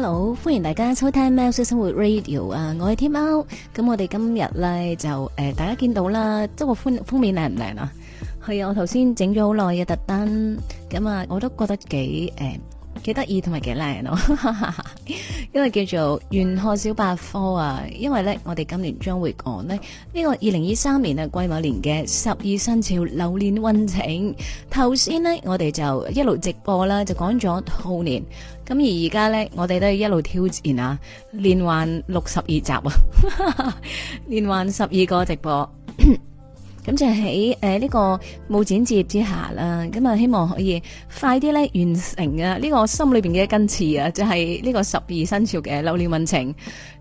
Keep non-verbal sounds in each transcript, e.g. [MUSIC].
hello，歡迎大家收 [NOISE] 聽喵式生活 radio 啊，我係天喵，咁我哋今日咧，就誒、呃，大家見到啦，即個封封面靚唔靚啊？係啊，我頭先整咗好耐嘅特登，咁啊，我都覺得幾誒。呃幾得意同埋幾靚咯，因為叫做《玄學小百科》啊。因為咧，我哋今年將會講呢，呢個二零二三年啊，癸卯年嘅十二生肖流年運程。頭先呢，我哋、這個、就一路直播啦，就講咗兔年。咁而而家呢，我哋都係一路挑戰啊，連環六十二集啊，哈哈連環十二個直播。咁就喺誒呢個冇剪接之下啦，咁、嗯、啊希望可以快啲咧完成啊呢、這個心裏邊嘅一根刺啊，就係、是、呢個十二生肖嘅流年運程。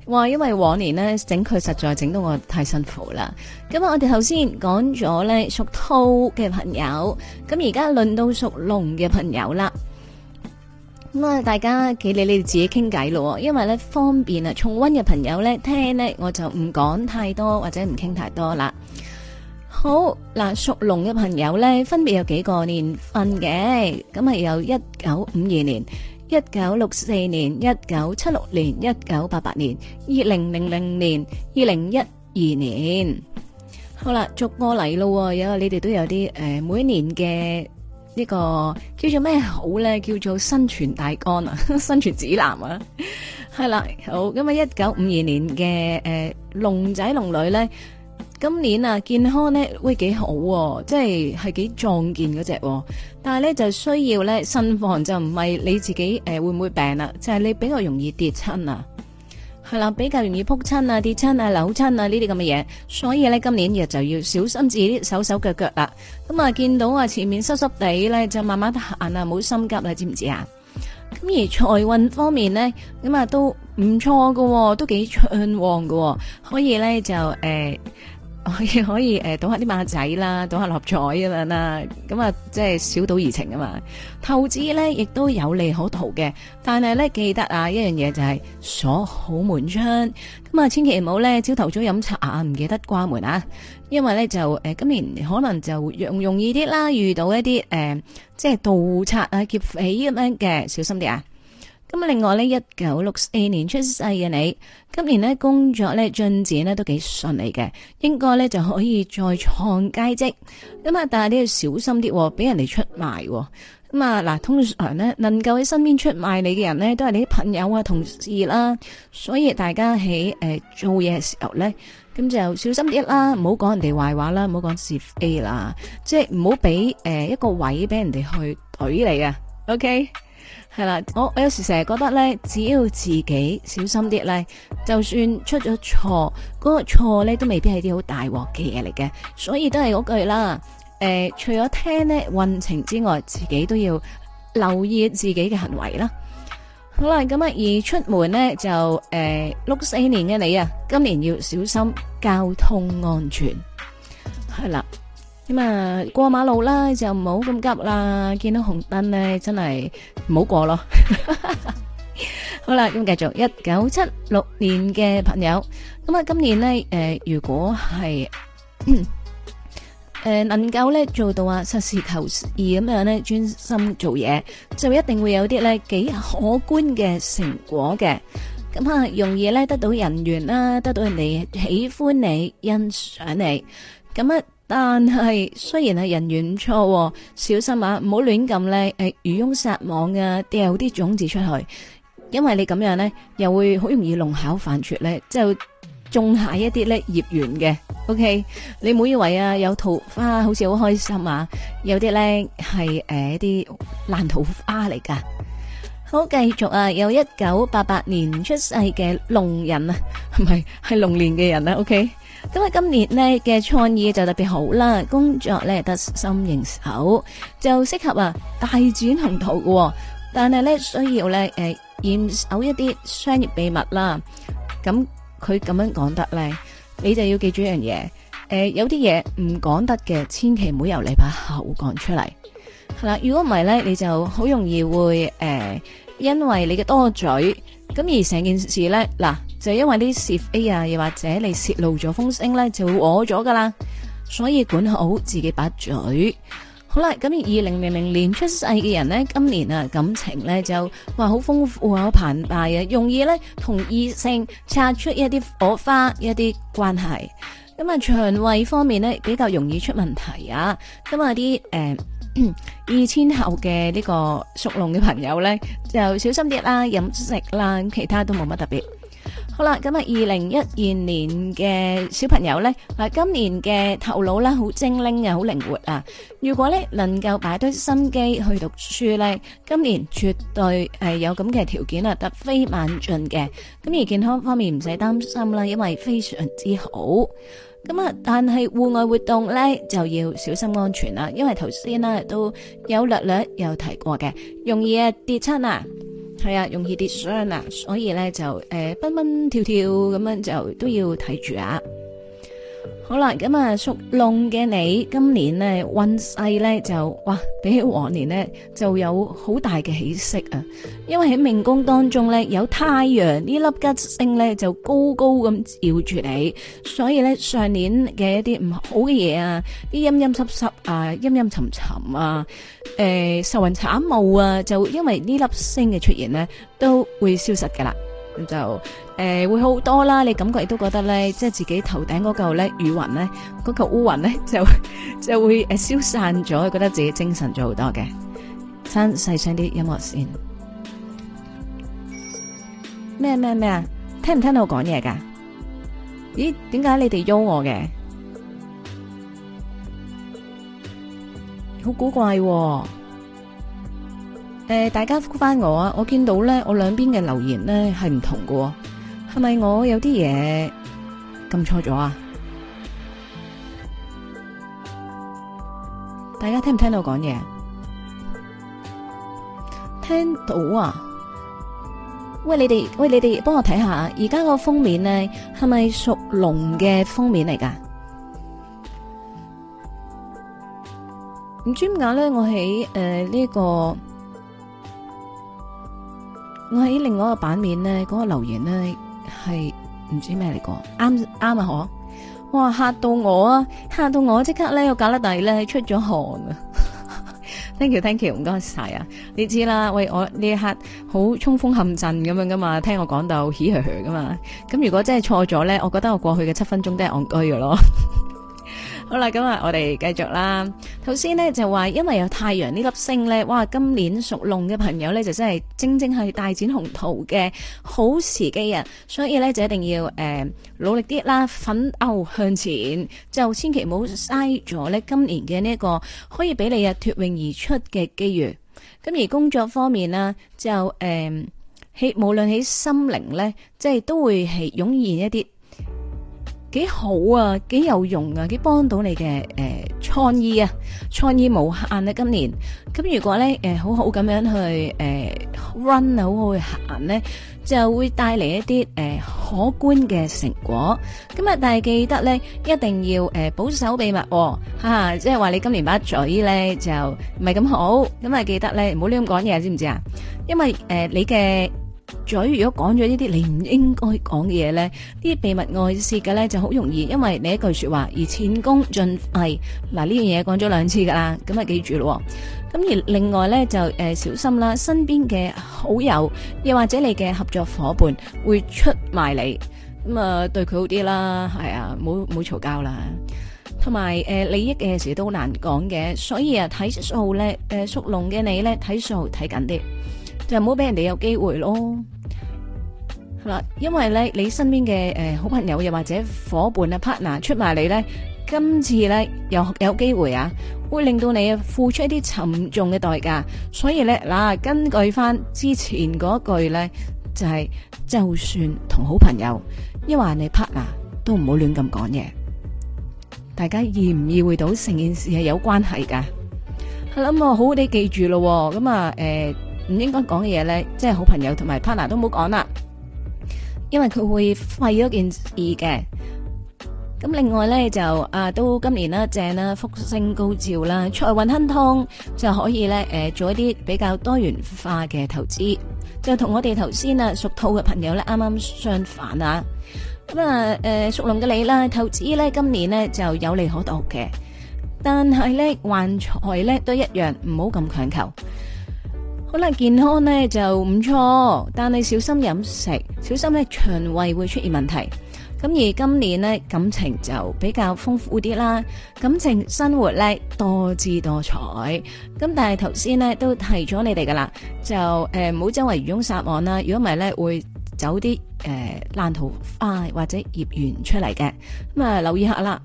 話因為往年呢整佢實在整到我太辛苦啦。咁、嗯、啊，我哋頭先講咗咧屬兔嘅朋友，咁而家輪到屬龍嘅朋友啦。咁、嗯、啊，大家企嚟你哋自己傾偈咯，因為咧方便啊重溫嘅朋友咧聽咧，我就唔講太多或者唔傾太多啦。好嗱，屬龍嘅朋友咧，分別有幾個年份嘅，咁係有一九五二年、一九六四年、一九七六年、一九八八年、二零零零年、二零一二年。好啦，逐個嚟咯，有你哋都有啲誒，每年嘅呢個叫做咩好咧，叫做生存大綱啊，生存指南啊，係啦，好，咁啊，一九五二年嘅誒龍仔龍女咧。今年啊，健康咧會幾好、啊，即係係幾壯健嗰隻、啊，但係咧就需要咧慎防就唔係你自己誒、呃、會唔會病啦，就係、是、你比較容易跌親啊，係啦，比較容易扑親啊、跌親啊、扭親啊呢啲咁嘅嘢，所以咧今年日就要小心自己啲手手腳腳啦。咁啊，見到啊前面濕濕地咧，就慢慢行啊，冇心急啦，知唔知啊？咁而財運方面咧，咁啊都唔錯噶，都幾暢旺噶、哦，可以咧就誒。呃 [LAUGHS] 可以可以誒，賭、呃、下啲馬仔啦，賭下六合彩咁樣啦，咁啊即係小賭怡情啊嘛。投資咧亦都有利可圖嘅，但係咧記得啊，一樣嘢就係鎖好門窗。咁啊，千祈唔好咧，朝頭早飲茶啊，唔記得關門啊，因為咧就誒、呃、今年可能就容容易啲啦，遇到一啲誒、呃、即係盜賊啊劫匪，咁樣嘅，小心啲啊！咁啊，另外咧，一九六四年出世嘅你，今年咧工作咧進展咧都幾順利嘅，應該咧就可以再創佳績。咁啊，但係你要小心啲，俾人哋出賣。咁啊，嗱，通常咧能夠喺身邊出賣你嘅人咧，都係你啲朋友啊、同事啦。所以大家喺誒做嘢嘅時候咧，咁就小心啲啦，唔好講人哋壞話啦，唔好講是非啦，即係唔好俾誒一個位俾人哋去懟你啊。OK。係啦，我我有時成日覺得咧，只要自己小心啲咧，就算出咗錯，嗰個錯咧都未必係啲好大鑊嘅嘢嚟嘅，所以都係嗰句啦。誒，除咗聽咧運程之外，自己都要留意自己嘅行為啦。好啦，咁啊，而出門咧就誒，六四年嘅你啊，今年要小心交通安全。係啦。咁啊，過馬路啦，就唔好咁急啦。見到紅燈咧，真係唔好過咯。好啦，咁繼續。一九七六年嘅朋友，咁啊，今年咧，誒，如果係誒能夠咧做到啊實事求是咁樣咧，專心做嘢，就一定會有啲咧幾可觀嘅成果嘅。咁啊，容易咧得到人緣啦，得到人哋喜歡你、欣賞你，咁啊。但係雖然係人緣唔錯，小心啊！唔好亂咁咧，誒、哎，魚翁撒網啊，掉啲種子出去，因為你咁樣咧，又會好容易弄巧反拙咧，就種下一啲咧孽緣嘅。OK，你唔好以為啊，有桃花好似好開心啊，有啲咧係誒一啲爛桃花嚟噶。好，繼續啊，有一九八八年出世嘅龍人啊，唔係係係龍年嘅人啊。O K。咁啊，今年呢嘅創意就特別好啦，工作咧得心應手，就適合啊大展宏圖嘅、哦。但係咧需要咧誒，嚴、呃、守一啲商業秘密啦。咁佢咁樣講得咧，你就要記住一樣嘢，誒、呃，有啲嘢唔講得嘅，千祈唔好由你把口講出嚟。係啦，如果唔係咧，你就好容易會誒、呃，因為你嘅多嘴，咁而成件事咧嗱。就係因為啲是非啊，又或者你洩露咗風聲咧，就會訛咗噶啦。所以管好自己把嘴好啦。咁二零零零年出世嘅人呢，今年啊感情呢就哇好豐富，好澎湃啊，容易呢同異性擦出一啲火花，一啲關係咁啊。腸胃方面呢，比較容易出問題啊。咁啊啲誒二千後嘅呢個屬龍嘅朋友呢，就小心啲啦，飲食啦，其他都冇乜特別。好啦，咁啊，二零一二年嘅小朋友咧，啊，今年嘅頭腦咧好精靈啊，好靈活啊！如果咧能夠擺低心機去讀書咧，今年絕對係有咁嘅條件啊，突飛猛進嘅。咁而健康方面唔使擔心啦，因為非常之好。咁啊，但係戶外活動咧就要小心安全啦，因為頭先咧都有略略有提過嘅，容易啊跌親啊！係啊、嗯，容易跌傷啊，所以咧就誒，蹦、呃、蹦跳跳咁樣就都要睇住啊。好啦，咁啊，屬龍嘅你今年呢，運勢咧就哇，比起往年呢，就有好大嘅起色啊！因為喺命宮當中咧，有太陽呢粒吉星咧就高高咁照住你，所以咧，上年嘅一啲唔好嘅嘢啊，啲陰陰濕濕啊、陰陰沉沉啊、誒、呃、愁雲慘霧啊，就因為呢粒星嘅出現呢，都會消失噶啦，咁就。誒，會好多啦！你感覺亦都覺得咧，即係自己頭頂嗰嚿咧雨雲咧，嗰、那、嚿、個、烏雲咧就即會誒消散咗，覺得自己精神咗好多嘅。聽細聲啲音樂先。咩咩咩啊！聽唔聽到我講嘢噶？咦，點解你哋喐我嘅？好古怪啊。誒、呃，大家覆翻我啊！我見到咧，我兩邊嘅留言咧係唔同嘅。係咪我有啲嘢撳錯咗啊？大家聽唔聽到我講嘢？聽到啊！喂，你哋喂，你哋幫我睇下，而家個封面呢，係咪屬龍嘅封面嚟噶？唔知點解咧，我喺誒呢個，我喺另外一個版面呢，嗰個留言呢。係唔知咩嚟個？啱啱啊嗬！哇嚇到我啊，嚇到我即刻咧，我格拉弟咧出咗汗啊 [LAUGHS] ！Thank you，Thank you，唔該晒啊！你知啦，喂，我呢一刻好衝鋒陷陣咁樣噶嘛，聽我講到嘻嘻噶嘛，咁如果真係錯咗咧，我覺得我過去嘅七分鐘都係戇居嘅咯。好啦，咁啊，我哋繼續啦。頭先呢就話，因為有太陽呢粒星呢，哇，今年屬龍嘅朋友呢，就真係正正係大展宏圖嘅好時機啊！所以呢，就一定要誒、呃、努力啲啦，奮勇向前，就千祈唔好嘥咗呢今年嘅呢一個可以俾你啊脱穎而出嘅機遇。咁而工作方面啦，就誒，起、呃、無論喺心靈呢，即係都會係湧現一啲。幾好啊，幾有用啊，幾幫到你嘅誒創意啊！創意無限啊，今年咁如果咧誒好好咁樣去誒 run 啊，好好去行咧，就會帶嚟一啲誒可觀嘅成果。咁啊，但係記得咧，一定要誒保守秘密吓，即係話你今年把嘴咧就唔係咁好。咁啊，記得咧唔好亂咁講嘢，知唔知啊？因為誒你嘅。嘴如果講咗呢啲你唔應該講嘅嘢，咧，呢啲秘密外泄嘅咧就好容易，因為你一句說話而前功盡廢。嗱，呢樣嘢講咗兩次噶啦，咁啊記住咯。咁而另外咧就誒、呃、小心啦，身邊嘅好友又或者你嘅合作夥伴會出賣你。咁啊對佢好啲啦，係啊，冇冇嘈交啦。同埋誒利益嘅時候都難講嘅，所以啊睇數咧，誒屬、呃、龍嘅你咧睇數睇緊啲。就唔好俾人哋有機會咯。係啦，因為咧，你身邊嘅誒、呃、好朋友又或者伙伴啊 partner 出埋嚟咧，今次咧有有機會啊，會令到你付出一啲沉重嘅代價。所以咧嗱、啊，根據翻之前嗰句咧，就係、是、就算同好朋友，亦或你 partner，都唔好亂咁講嘢。大家意唔意會到成件事係有關係噶？係、啊、啦，好你記住咯，咁啊誒。呃唔應該講嘅嘢咧，即係好朋友同埋 partner 都唔好講啦，因為佢會廢咗件事嘅。咁另外咧就啊，都今年啦正啦，福星高照啦，財運亨通，就可以咧誒、呃、做一啲比較多元化嘅投資。就同我哋頭先啊屬兔嘅朋友咧，啱啱相反啊。咁啊誒屬龍嘅你啦，投資咧今年咧就有利可圖嘅，但係咧還財咧都一樣，唔好咁強求。好啦，健康咧就唔錯，但你小心飲食，小心咧腸胃會出現問題。咁而今年呢，感情就比較豐富啲啦，感情生活咧多姿多彩。咁但係頭先呢都提咗你哋噶啦，就誒唔好周圍漁翁撒網啦，如果唔係咧會走啲誒、呃、爛桃花或者孽緣出嚟嘅。咁啊留意下啦。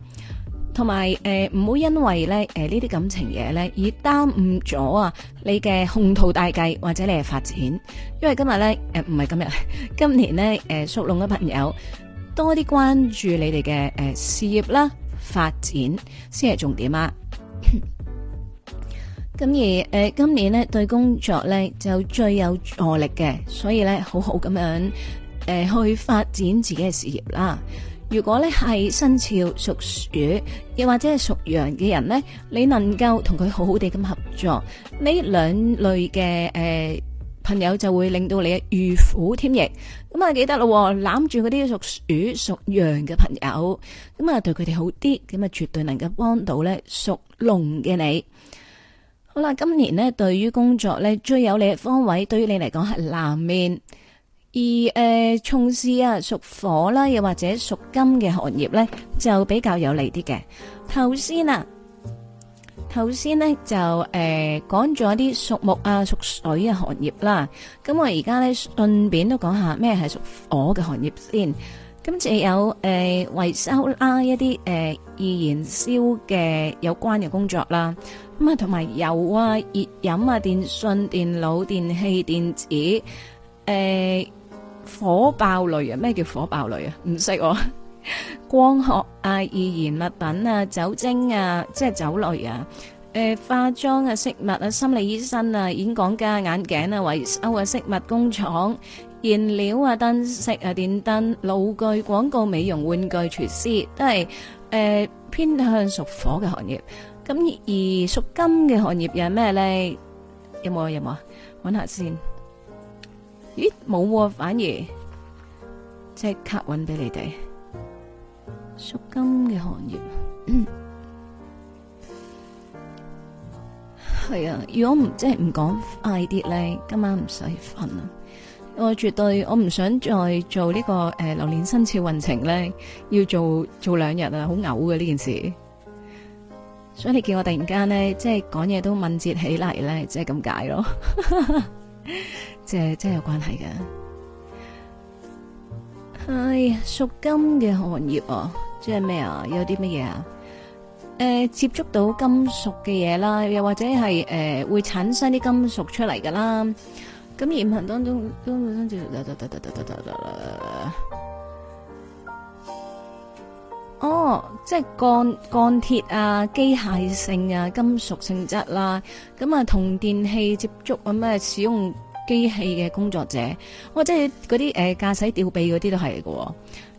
同埋誒，唔好、呃、因為咧誒呢啲、呃、感情嘢咧，而耽誤咗啊你嘅鴻圖大計或者你嘅發展。因為今日咧誒唔係今日，今年咧誒屬龍嘅朋友，多啲關注你哋嘅誒事業啦發展，先係重點啊！咁 [COUGHS] 而誒、呃、今年咧對工作咧就最有助力嘅，所以咧好好咁樣誒、呃、去發展自己嘅事業啦。如果咧係生肖屬鼠，又或者係屬羊嘅人呢，你能夠同佢好好地咁合作，呢兩類嘅誒、呃、朋友就會令到你如虎添翼。咁啊記得咯，攬住嗰啲屬鼠、屬羊嘅朋友，咁啊對佢哋好啲，咁啊絕對能夠幫到咧屬龍嘅你。好啦，今年咧對於工作咧最有利嘅方位，對於你嚟講係南面。而誒、呃，從事啊屬火啦，又或者屬金嘅行業咧，就比較有利啲嘅。頭先啊，頭先呢就誒、呃、講咗啲屬木啊、屬水嘅行業啦。咁、嗯、我而家咧順便都講下咩係屬火嘅行業先。今次有誒、呃、維修啦、啊，一啲誒易燃燒嘅有關嘅工作啦。咁、嗯、啊，同埋油啊、熱飲啊、電信、電腦、電器、電子誒。呃火爆類啊？咩叫火爆類啊？唔識喎。光學啊、易燃物品啊、酒精啊、即係酒類啊。誒、呃，化妝啊、飾物啊、心理醫生啊、演講家、眼鏡啊、維修啊、飾物工廠、燃料啊、燈飾啊、電燈、爐具、廣告、美容、玩具、廚師都係誒、呃、偏向屬火嘅行業。咁而屬金嘅行業有咩咧？有冇啊？有冇啊？搵下先。咦，冇喎，反而即刻搵俾你哋，屬金嘅行業。嗯，係啊！如果唔即係唔講快啲咧，今晚唔使瞓啊！我絕對我唔想再做呢個誒流年生肖運程咧，要做做兩日啊，好嘔嘅呢件事。所以你見我突然間咧，即係講嘢都敏捷起嚟咧，即係咁解咯。即係真係有關係嘅。唉、哎，屬金嘅行業啊，即係咩啊？有啲乜嘢啊？誒、呃，接觸到金屬嘅嘢啦，又或者係誒、呃、會產生啲金屬出嚟噶啦。咁業行當中，本身就哦，即係鋼鋼鐵啊，機械性啊，金屬性質啦。咁啊，同電器接觸啊，咩使用？機器嘅工作者，或、哦、即係嗰啲誒駕駛吊臂嗰啲都係嘅喎。咁、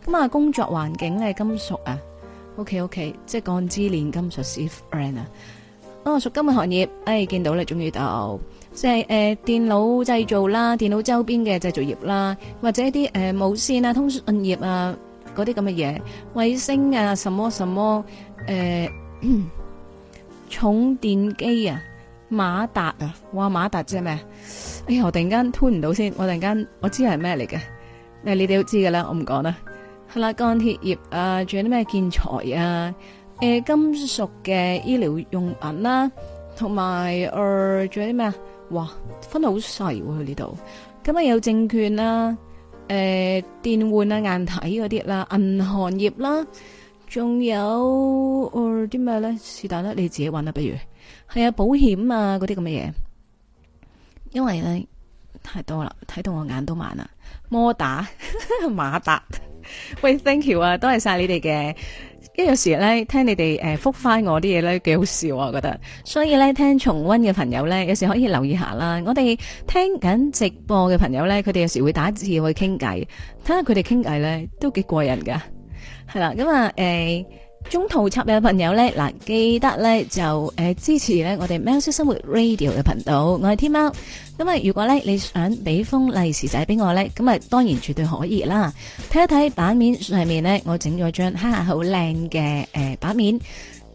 嗯、啊，工作環境咧金屬啊。O K O K，即係鋼之煉金術師啊。哦，屬金嘅行業，哎，見到你，終於到，即係誒、呃、電腦製造啦，電腦周邊嘅製造業啦，或者啲誒、呃、無線啊、通訊業啊嗰啲咁嘅嘢，衛星啊，什麼什麼誒、呃、 [COUGHS] 重電機啊。馬達啊，哇馬達即係咩？哎呀我突然間推唔到先，我突然間我，我知係咩嚟嘅，誒你哋都知嘅啦，我唔講啦。係啦鋼鐵業啊，仲有啲咩建材啊、誒、呃、金屬嘅醫療用品啦、啊，同埋誒仲有啲咩、呃？哇分得好細喎佢呢度，咁啊有證券啦、啊，誒、呃、電換啊硬體嗰啲啦，銀行業啦、啊。仲有啲咩咧？是但啦，你自己揾啦，不如係啊，保險啊，嗰啲咁嘅嘢。因為咧太多啦，睇到我眼都盲啦。摩打 [LAUGHS] 馬達，喂，thank you 啊，多謝晒你哋嘅。因為有時咧聽你哋誒覆翻我啲嘢咧，幾好笑啊，我覺得。所以咧聽重溫嘅朋友咧，有時可以留意一下啦。我哋聽緊直播嘅朋友咧，佢哋有時會打字去傾偈，睇下佢哋傾偈咧都幾過癮噶。係啦，咁啊，誒、嗯，中途插嘅朋友咧，嗱，記得咧就誒支持咧我哋喵式生活 radio 嘅頻道，我係天貓，咁、嗯、啊，如果咧你想俾封利是仔俾我咧，咁啊，當然絕對可以啦。睇一睇版面上面咧，我整咗張哈好靚嘅誒版面，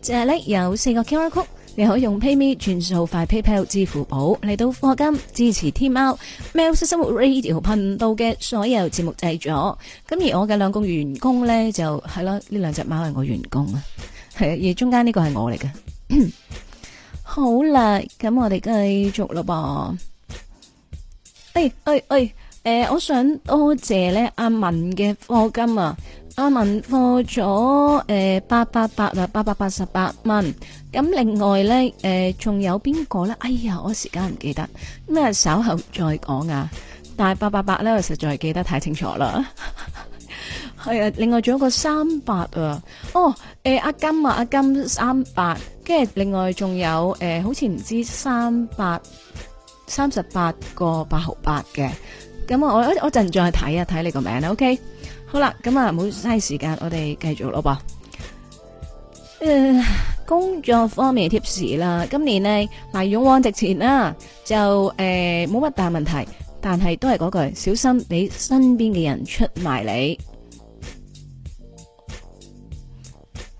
即係咧有四個 QR Code。你可以用 PayMe、轉數快、PayPal、支付寶嚟到課金，支持天喵、喵式生活 Radio 頻道嘅所有節目製作。咁而我嘅兩個員工咧就係咯，呢兩隻貓係我員工啊，係而中間呢個係我嚟嘅。 [COUGHS] 好啦，咁我哋繼續咯噃。哎哎哎、呃，我想多謝咧阿文嘅課金啊！我問貨咗誒，八百八啊，八百八十八蚊，咁另外咧誒仲有邊個咧？哎呀，我時間唔記得，咁啊稍後再講啊。但係八百八咧，我實在係記得太清楚啦。係啊，另外仲有一個三百啊。哦，誒阿金啊，阿金三百，跟住另外仲有誒好似唔知三百三十八個八毫八嘅。咁我我我陣再睇一睇你個名啊。OK。好啦，咁啊，唔好嘥時間，我哋繼續咯噃。嗯，工作方面貼士啦，今年呢，嗱勇往直前啦，就誒冇乜大問題，但係都係嗰句，小心你身邊嘅人出賣你。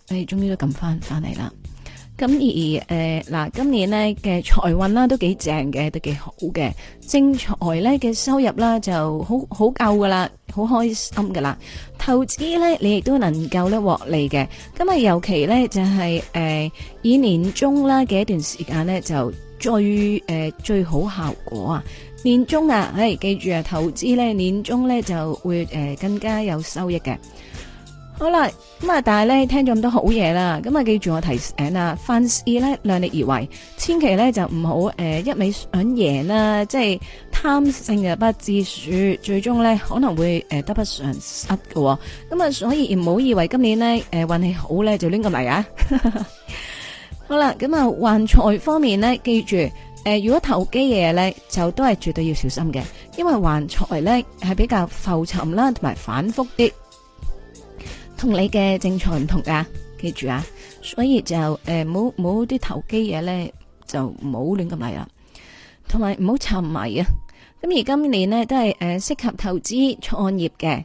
誒終於都撳翻翻嚟啦。咁而誒嗱、呃，今年呢嘅財運啦都幾正嘅，都幾好嘅，正財咧嘅收入啦就好好夠噶啦，好開心噶啦，投資咧你亦都能夠咧獲利嘅。咁啊，尤其咧就係、是、誒、呃、以年終啦嘅一段時間咧就最誒、呃、最好效果啊！年終啊，誒記住啊，投資咧年終咧就會誒更加有收益嘅。好啦，咁啊，但係咧，聽咗咁多好嘢啦，咁啊，記住我提醒啊，凡事咧量力而為，千祈咧就唔好誒一味想贏啦，即係貪性嘅不知輸，最終咧可能會誒得不償失嘅。咁啊，所以唔好以為今年咧誒運氣好咧就亂嚟啊。 [LAUGHS] 好啦，咁啊，橫財方面咧，記住誒，如果投機嘢咧，就都係絕對要小心嘅，因為橫財咧係比較浮沉啦，同埋反覆啲。同你嘅正財唔同噶，記住啊！所以就誒，冇冇啲投機嘢咧，就唔好亂咁嚟啦。同埋唔好沉迷啊！咁而今年咧都係誒、呃、適合投資創業嘅。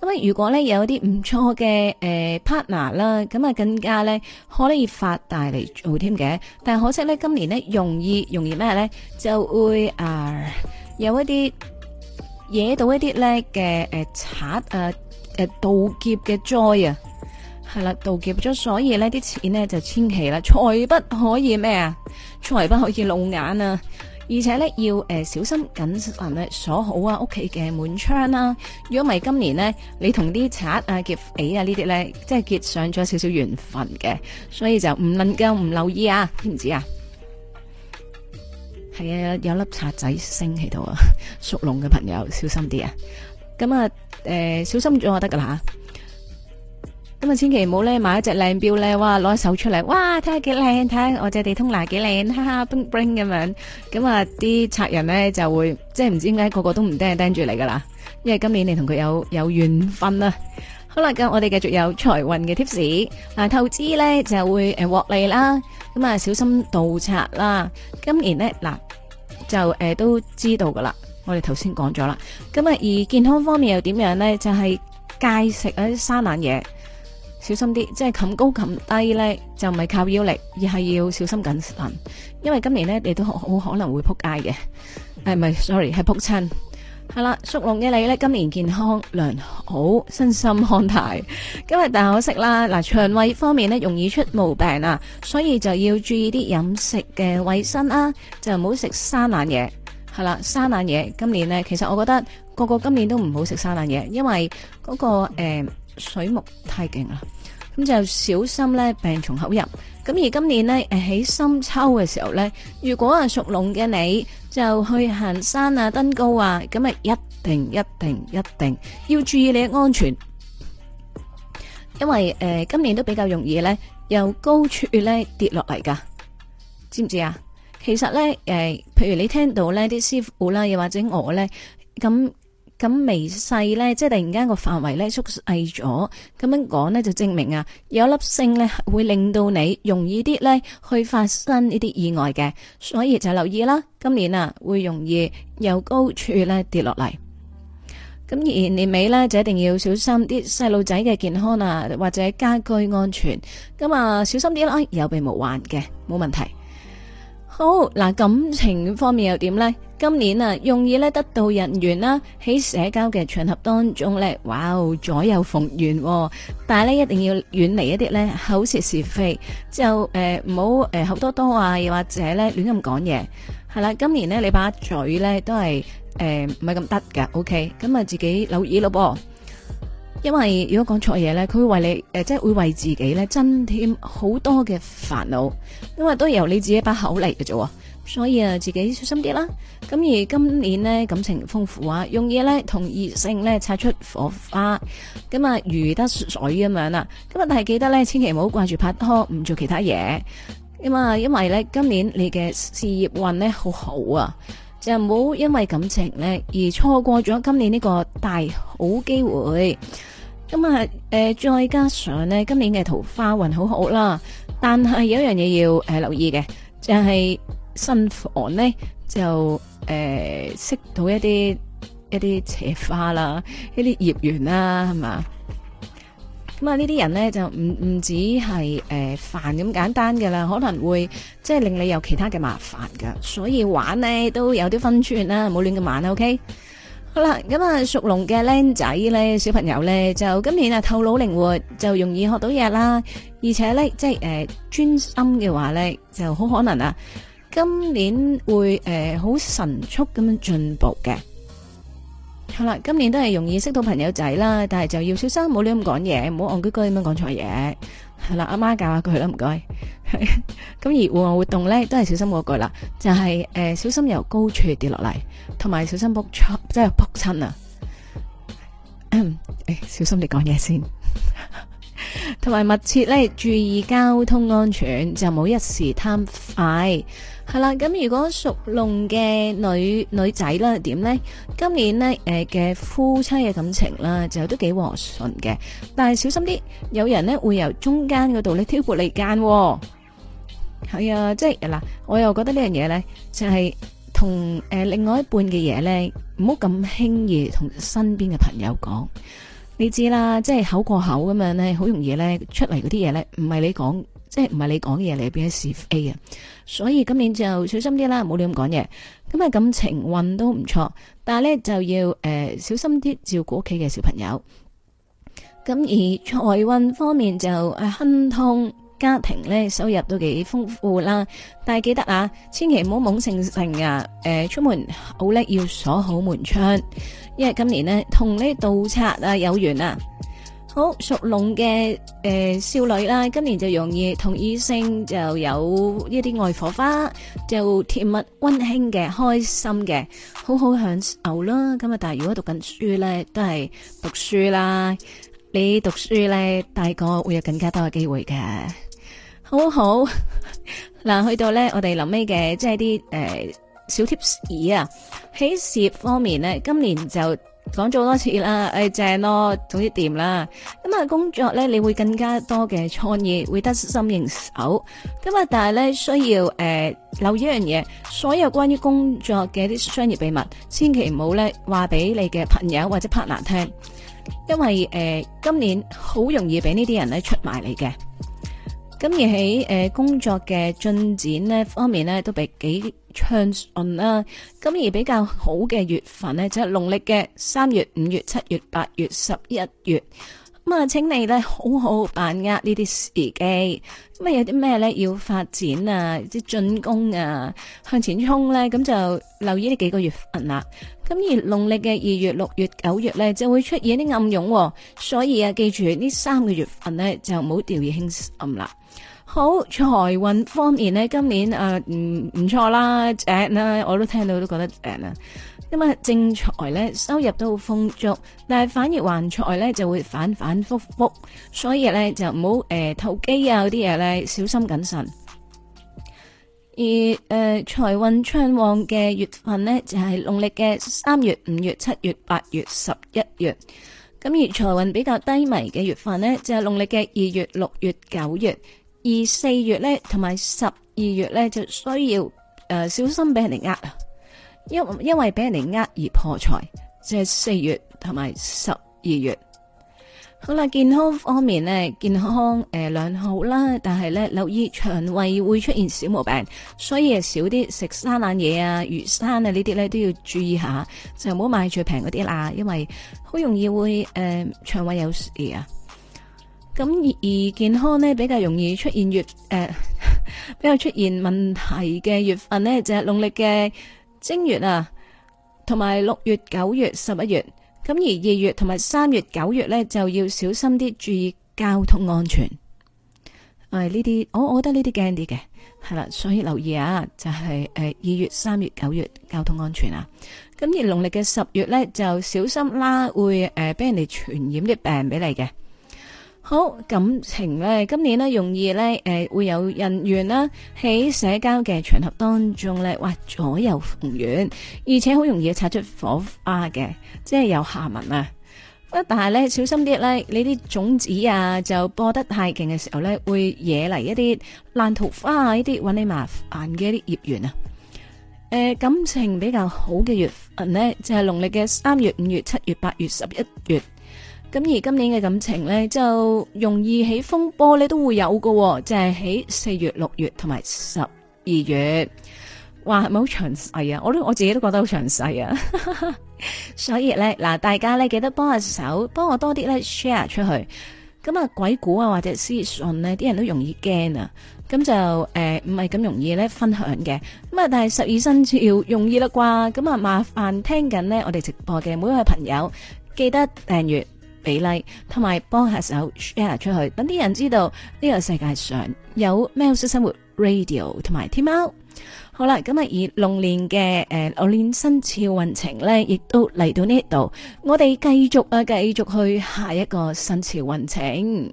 咁、呃、啊，如果咧有啲唔錯嘅誒 partner 啦，咁、呃、啊更加咧可以發大嚟做添嘅。但係可惜咧，今年咧容易容易咩咧？就會啊有一啲惹到一啲呢嘅誒賊誒，呃、盜劫嘅災啊，係啦、啊，盜劫咗，所以呢啲錢呢，就千祈啦，財不可以咩啊，財不可以露眼啊，而且呢，要誒、呃、小心緊，誒鎖好啊屋企嘅門窗啦、啊。如果唔係，今年呢，你同啲賊啊劫匪啊呢啲咧，即係結上咗少少緣分嘅，所以就唔能夠唔留意啊，知唔知啊？係啊，有粒賊仔星喺度啊，屬龍嘅朋友小心啲啊，咁啊。誒，小心咗就得噶啦吓。咁啊千祈唔好咧，買一隻靚錶咧，哇攞手出嚟，哇睇下幾靚，睇下我隻地通拿幾靚，哈哈 bling bling 咁樣，咁啊啲賊人咧就會即係唔知點解個個都唔盯盯住你噶啦，因為今年你同佢有有緣分啦。好啦，咁我哋繼續有財運嘅 tips，嗱投資咧就會誒獲利啦，咁啊小心盜賊啦。今年咧嗱就誒都知道噶啦。我哋頭先講咗啦，咁啊而健康方面又點樣呢？就係、是、戒食嗰啲生冷嘢，小心啲，即係冚高冚低呢，就唔係靠腰力，而係要小心謹慎，因為今年呢，你都好可能會撲街嘅，誒、哎、咪 sorry 係撲親。好啦，屬龍嘅你呢，今年健康良好，身心康泰。今日但係可惜啦，嗱腸胃方面呢，容易出毛病啊，所以就要注意啲飲食嘅衛生啦，就唔好食生冷嘢。係啦，生冷嘢，今年呢，其實我覺得個個今年都唔好食生冷嘢，因為嗰、那個誒、呃、水木太勁啦，咁就小心咧，病從口入。咁而今年呢，喺深秋嘅時候呢，如果係屬龍嘅你就去行山啊、登高啊，咁啊一定一定一定要注意你嘅安全，因為誒、呃、今年都比較容易呢由高處咧跌落嚟噶，知唔知啊？其實咧，誒、呃，譬如你聽到呢啲師傅啦，又或者我咧，咁咁微細咧，即係突然間個範圍咧縮細咗，咁樣講呢，就證明啊，有粒星咧會令到你容易啲咧去發生呢啲意外嘅，所以就留意啦。今年啊，會容易由高處咧跌落嚟。咁而年尾咧就一定要小心啲細路仔嘅健康啊，或者家居安全。咁、嗯、啊，小心啲啦，有備無患嘅，冇問題。好嗱，感情方面又點呢？今年啊，容易咧得到人緣啦，喺社交嘅場合當中咧，哇，左右逢源，哦，但係咧一定要遠離一啲咧口舌是非，就誒唔好誒口多多啊，又或者咧亂咁講嘢，係啦，今年呢，你把嘴咧都係誒唔係咁得噶，OK，咁啊自己留意咯噃。因為如果講錯嘢呢，佢會為你誒、呃，即係會為自己呢增添好多嘅煩惱。因為都由你自己把口嚟嘅啫，所以啊，自己小心啲啦。咁而今年呢，感情豐富啊，容易呢，同異性呢，擦出火花，咁、嗯、啊如得水咁樣啦。咁啊，但係記得呢，千祈唔好掛住拍拖，唔做其他嘢。咁、嗯、啊，因為呢，今年你嘅事業運呢，好好啊。就唔好因為感情咧而錯過咗今年呢個大好機會，咁啊誒再加上咧今年嘅桃花運好好啦，但係有一樣嘢要誒、呃、留意嘅就係、是、新房咧就誒、呃、識到一啲一啲邪花啦，一啲孽緣啦係嘛。咁啊，呢啲人咧就唔唔止係誒煩咁簡單嘅啦，可能會即係令你有其他嘅麻煩噶，所以玩呢，都有啲分寸啦，唔好亂咁玩啦，OK？好啦，咁啊，屬龍嘅僆仔咧，小朋友咧就今年啊頭腦靈活，就容易學到嘢啦，而且咧即係誒專心嘅話咧就好可能啊，今年會誒好、呃、神速咁樣進步嘅。好啦，今年都係容易識到朋友仔啦，但係就要小心，唔好亂咁講嘢，唔好戇居居咁樣講錯嘢。係啦，阿媽教下佢啦，唔該。咁 [LAUGHS] 而戶外活動呢，都係小心嗰句啦，就係、是、誒、呃、小心由高處跌落嚟，同埋小心扑即係扑親啊！誒、 [COUGHS] 欸，小心你講嘢先，同 [LAUGHS] 埋密切呢注意交通安全，就冇一時貪快。係啦，咁如果屬龍嘅女女仔啦，點咧？今年咧，誒嘅夫妻嘅感情啦，就都幾和順嘅，但係小心啲，有人咧會由中間嗰度咧挑撥離間喎。係啊，即係嗱，我又覺得呢樣嘢咧，就係同誒另外一半嘅嘢咧，唔好咁輕易同身邊嘅朋友講。你知啦，即係口過口咁樣咧，好容易咧出嚟嗰啲嘢咧，唔係你講。即係唔係你講嘢，你變成是非啊！所以今年就小心啲啦，唔好亂咁講嘢。咁啊感情運都唔錯，但係咧就要誒、呃、小心啲照顧屋企嘅小朋友。咁而財運方面就誒亨通，家庭咧收入都幾豐富啦。但係記得啊，千祈唔好懵性性啊！誒、呃，出門好叻要鎖好門窗，因為今年呢，同呢盜賊啊有緣啊！好屬龍嘅誒少女啦，今年就容易同異性就有一啲愛火花，就甜蜜溫馨嘅，開心嘅，好好享受啦。咁啊，但係如果讀緊書咧，都係讀書啦。你讀書咧，大個會有更加多嘅機會嘅。好好嗱， [LAUGHS] 去到咧我哋臨尾嘅即係啲誒小貼士啊，喺事業方面咧，今年就。講咗好多次啦，誒、哎、正咯，總之掂啦。咁啊，工作咧，你會更加多嘅創意，會得心應手。咁啊，但係咧，需要誒、呃、留意一樣嘢，所有關於工作嘅啲商業秘密，千祈唔好咧話俾你嘅朋友或者 partner 聽，因為誒、呃、今年好容易俾呢啲人咧出賣你嘅。咁而喺誒、呃、工作嘅進展呢方面呢，都俾幾。暢順啦，咁而比較好嘅月份呢，就係農曆嘅三月、五月、七月、八月、十一月。咁啊，請你呢，好好把握呢啲時機。咁啊，有啲咩呢？要發展啊，即係進攻啊，向前衝呢。咁就留意呢幾個月份啦。咁而農曆嘅二月、六月、九月呢，就會出現啲暗湧，所以啊，記住呢三個月份呢，就唔好掉以輕心啦。好，財運方面呢，今年誒唔唔錯啦。誒啦，我都聽到都覺得誒啦。咁啊，正財咧，收入都好豐足，但係反而還財咧就會反反复复，所以咧就唔好誒投機啊嗰啲嘢咧，小心謹慎。而誒、呃、財運暢旺嘅月份呢，就係、是、農曆嘅三月、五月、七月、八月、十一月。咁而財運比較低迷嘅月份呢，就係、是、農曆嘅二月、六月、九月。而四月咧，同埋十二月咧，就需要誒、呃、小心俾人哋呃，因因為俾人哋呃而破財，即係四月同埋十二月。好啦，健康方面咧，健康誒良好啦，但係咧留意腸胃會出現小毛病，所以少啲食生冷嘢啊、魚生啊這些呢啲咧都要注意一下，就唔好買最平嗰啲啦，因為好容易會誒腸、呃、胃有事啊。咁而健康咧比較容易出現月誒、呃、比較出現問題嘅月份呢，就係農曆嘅正月啊，同埋六月、九月、十一月。咁而二月同埋三月、九月呢，就要小心啲注意交通安全。誒呢啲我我覺得呢啲驚啲嘅係啦，所以留意啊，就係誒二月、三月、九月交通安全啊。咁而農曆嘅十月呢，就小心啦、啊，會誒俾、呃、人哋傳染啲病俾你嘅。好感情咧，今年呢，容易咧，誒、呃、會有人緣啦，喺社交嘅場合當中咧，哇，左右逢源，而且好容易擦出火花嘅，即係有下文啊！但係咧，小心啲咧，你啲種子啊就播得太勁嘅時候咧，會惹嚟一啲爛桃花啊，媽媽，一啲搵你麻煩嘅一啲業緣啊。誒、呃，感情比較好嘅月份呢，就係農曆嘅三月、五月、七月、八月、十一月。咁而今年嘅感情咧，就容易起風波咧，都會有喎、哦，就係喺四月、六月同埋十二月。哇，係咪好詳細啊？我都我自己都覺得好詳細啊。 [LAUGHS] 所以咧，嗱，大家咧記得幫下手，幫我多啲咧 share 出去。咁啊，鬼故啊或者屍訊呢啲人都容易驚啊。咁就誒，唔係咁容易咧分享嘅咁啊。但係十二生肖容易啦啩。咁啊，麻煩聽緊呢，我哋直播嘅每一位朋友記得訂閱。比例同埋幫下手 share 出去，等啲人知道呢個世界上有喵式生活 Radio 同埋天喵。好啦，咁啊以龍年嘅誒龍年生肖運程咧，亦都嚟到呢度，我哋繼續啊，繼續去下一個生肖運程。